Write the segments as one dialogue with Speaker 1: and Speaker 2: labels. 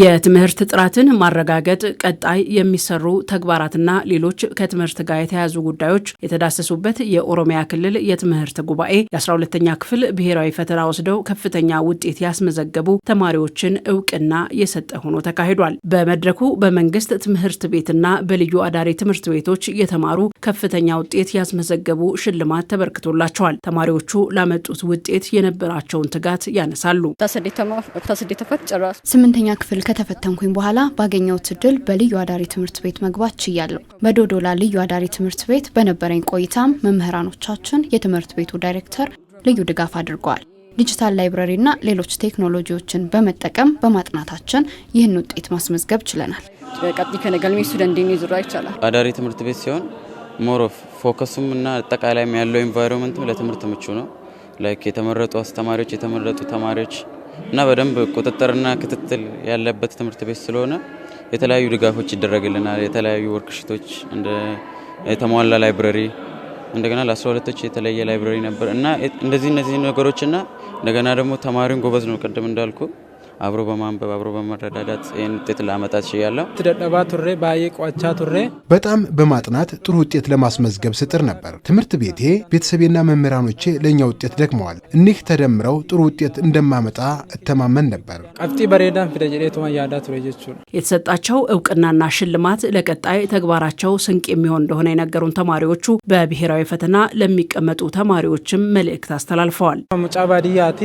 Speaker 1: የትምህርት ጥራትን ማረጋገጥ ቀጣይ የሚሰሩ ተግባራትና ሌሎች ከትምህርት ጋር የተያያዙ ጉዳዮች የተዳሰሱበት የኦሮሚያ ክልል የትምህርት ጉባኤ የ12ተኛ ክፍል ብሔራዊ ፈተና ወስደው ከፍተኛ ውጤት ያስመዘገቡ ተማሪዎችን እውቅና የሰጠ ሆኖ ተካሂዷል። በመድረኩ በመንግስት ትምህርት ቤትና በልዩ አዳሪ ትምህርት ቤቶች የተማሩ ከፍተኛ ውጤት ያስመዘገቡ ሽልማት ተበርክቶላቸዋል። ተማሪዎቹ ላመጡት ውጤት የነበራቸውን ትጋት ያነሳሉ።
Speaker 2: ስምንተኛ ክፍል ክፍል ከተፈተንኩኝ በኋላ ባገኘሁት እድል በልዩ አዳሪ ትምህርት ቤት መግባት ችያለሁ። በዶዶላ ልዩ አዳሪ ትምህርት ቤት በነበረኝ ቆይታም መምህራኖቻችን፣ የትምህርት ቤቱ ዳይሬክተር ልዩ ድጋፍ አድርገዋል። ዲጂታል ላይብረሪና ሌሎች ቴክኖሎጂዎችን በመጠቀም በማጥናታችን ይህን ውጤት ማስመዝገብ ችለናል።
Speaker 3: አዳሪ ትምህርት ቤት ሲሆን ሞሮ ፎከሱም እና አጠቃላይም ያለው ኤንቫይሮንመንትም ለትምህርት ምቹ ነው። ላይክ የተመረጡ አስተማሪዎች የተመረጡ ተማሪዎች እና በደንብ ቁጥጥርና ክትትል ያለበት ትምህርት ቤት ስለሆነ የተለያዩ ድጋፎች ይደረግልናል። የተለያዩ ወርክሽቶች እንደ የተሟላ ላይብረሪ እንደገና ለ12ቶች የተለየ ላይብረሪ ነበር እና እንደዚህ እነዚህ ነገሮችና እንደገና ደግሞ ተማሪውን ጎበዝ ነው ቅድም እንዳልኩ አብሮ በማንበብ አብሮ በመረዳዳት ይህን ውጤት ላመጣት ችያለሁ።
Speaker 2: ትደደባ ቱሬ ባዬ ቋቻ ቱሬ
Speaker 4: በጣም በማጥናት ጥሩ ውጤት ለማስመዝገብ ስጥር ነበር። ትምህርት ቤቴ፣ ቤተሰቤና መምህራኖቼ ለእኛ ውጤት ደክመዋል። እኒህ ተደምረው ጥሩ ውጤት እንደማመጣ እተማመን ነበር።
Speaker 2: ቀብጢ በሬዳን ፊደ ጀዴቱማ ያዳ ቱሬ ጀቹ
Speaker 1: የተሰጣቸው እውቅናና ሽልማት ለቀጣይ ተግባራቸው ስንቅ የሚሆን እንደሆነ የነገሩን ተማሪዎቹ በብሔራዊ ፈተና ለሚቀመጡ ተማሪዎችም መልእክት አስተላልፈዋል።
Speaker 2: ሙጫ ባድያቲ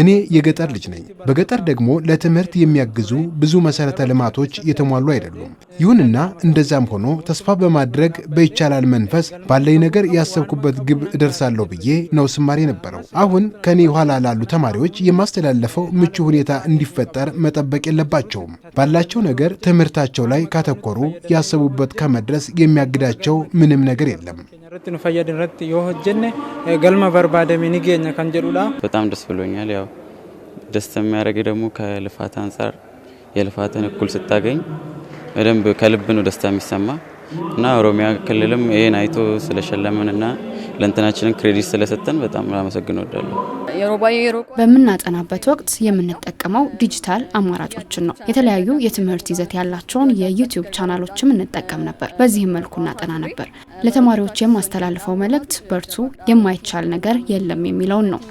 Speaker 4: እኔ የገጠር ልጅ ነኝ። በገጠር ደግሞ ለትምህርት የሚያግዙ ብዙ መሰረተ ልማቶች የተሟሉ አይደሉም። ይሁንና እንደዛም ሆኖ ተስፋ በማድረግ በይቻላል መንፈስ ባለኝ ነገር ያሰብኩበት ግብ እደርሳለሁ ብዬ ነው ስማር የነበረው። አሁን ከኔ ኋላ ላሉ ተማሪዎች የማስተላለፈው ምቹ ሁኔታ እንዲፈጠር መጠበቅ የለባቸውም። ባላቸው ነገር ትምህርታቸው ላይ ካተኮሩ ያሰቡበት ከመድረስ የሚያግዳቸው ምንም ነገር የለም።
Speaker 2: ከንጀሉላ
Speaker 3: በጣም ደስ ብሎኛል። ያው ደስ የሚያደርግ ደግሞ ከልፋት አንጻር የልፋትን እኩል ስታገኝ በደንብ ከልብ ነው ደስታ የሚሰማ እና ኦሮሚያ ክልልም ይሄን አይቶ ስለሸለመን እና ለእንትናችንን ክሬዲት ስለሰጠን በጣም ላመሰግን
Speaker 2: እወዳለሁ።
Speaker 1: በምናጠናበት ወቅት የምንጠቀመው ዲጂታል አማራጮችን ነው። የተለያዩ የትምህርት ይዘት ያላቸውን የዩቲዩብ ቻናሎችም እንጠቀም ነበር። በዚህም መልኩ እናጠና ነበር። ለተማሪዎች የማስተላልፈው መልእክት በርቱ፣ የማይቻል ነገር የለም የሚለውን ነው።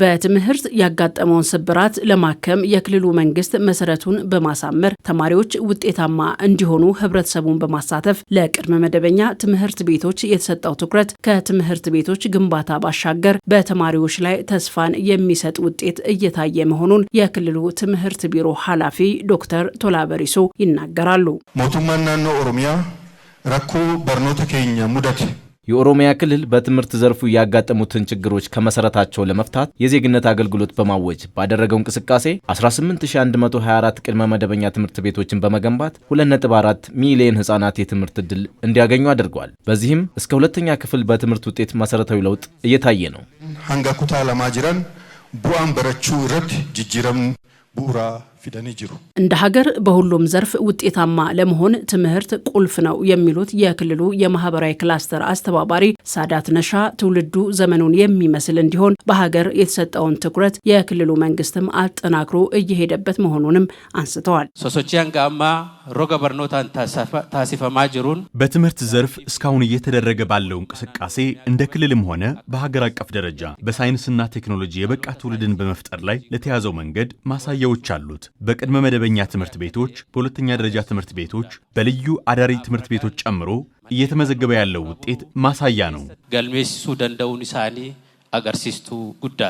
Speaker 1: በትምህርት ያጋጠመውን ስብራት ለማከም የክልሉ መንግስት መሰረቱን በማሳመር ተማሪዎች ውጤታማ እንዲሆኑ ህብረተሰቡን በማሳተፍ ለቅድመ መደበኛ ትምህርት ቤቶች የተሰጠው ትኩረት ከትምህርት ቤቶች ግንባታ ባሻገር በተማሪዎች ላይ ተስፋን የሚሰጥ ውጤት እየታየ መሆኑን የክልሉ ትምህርት ቢሮ ኃላፊ ዶክተር ቶላበሪሶ ይናገራሉ።
Speaker 5: ሞቱማ ናኖ ኦሮሚያ ረኩ በርኖተ ኬኛ ሙደት
Speaker 1: የኦሮሚያ ክልል በትምህርት ዘርፉ ያጋጠሙትን ችግሮች ከመሰረታቸው ለመፍታት የዜግነት አገልግሎት በማወጅ ባደረገው እንቅስቃሴ 18124 ቅድመ መደበኛ ትምህርት ቤቶችን በመገንባት 2.4 ሚሊዮን ህጻናት የትምህርት ዕድል እንዲያገኙ አድርጓል። በዚህም እስከ ሁለተኛ ክፍል በትምህርት ውጤት መሰረታዊ ለውጥ እየታየ ነው።
Speaker 5: ሀንጋ ለማጅረን ቡአን በረቹ ረድ ጅጅረም ቡራ
Speaker 1: እንደ ሀገር በሁሉም ዘርፍ ውጤታማ ለመሆን ትምህርት ቁልፍ ነው የሚሉት የክልሉ የማህበራዊ ክላስተር አስተባባሪ ሳዳት ነሻ፣ ትውልዱ ዘመኑን የሚመስል እንዲሆን በሀገር የተሰጠውን ትኩረት የክልሉ መንግስትም አጠናክሮ እየሄደበት መሆኑንም አንስተዋል።
Speaker 2: ሶሶቺያን ጋማ ታሲፈማ ጅሩን
Speaker 4: በትምህርት ዘርፍ እስካሁን እየተደረገ ባለው እንቅስቃሴ እንደ ክልልም ሆነ በሀገር አቀፍ ደረጃ በሳይንስና ቴክኖሎጂ የበቃ ትውልድን በመፍጠር ላይ ለተያዘው መንገድ ማሳያዎች አሉት። በቅድመ መደበኛ ትምህርት ቤቶች፣ በሁለተኛ ደረጃ ትምህርት ቤቶች፣ በልዩ አዳሪ ትምህርት ቤቶች ጨምሮ እየተመዘገበ ያለው ውጤት ማሳያ ነው።
Speaker 3: ገልሜሲሱ ደንደውን ሳኒ አገርሲስቱ ጉዳ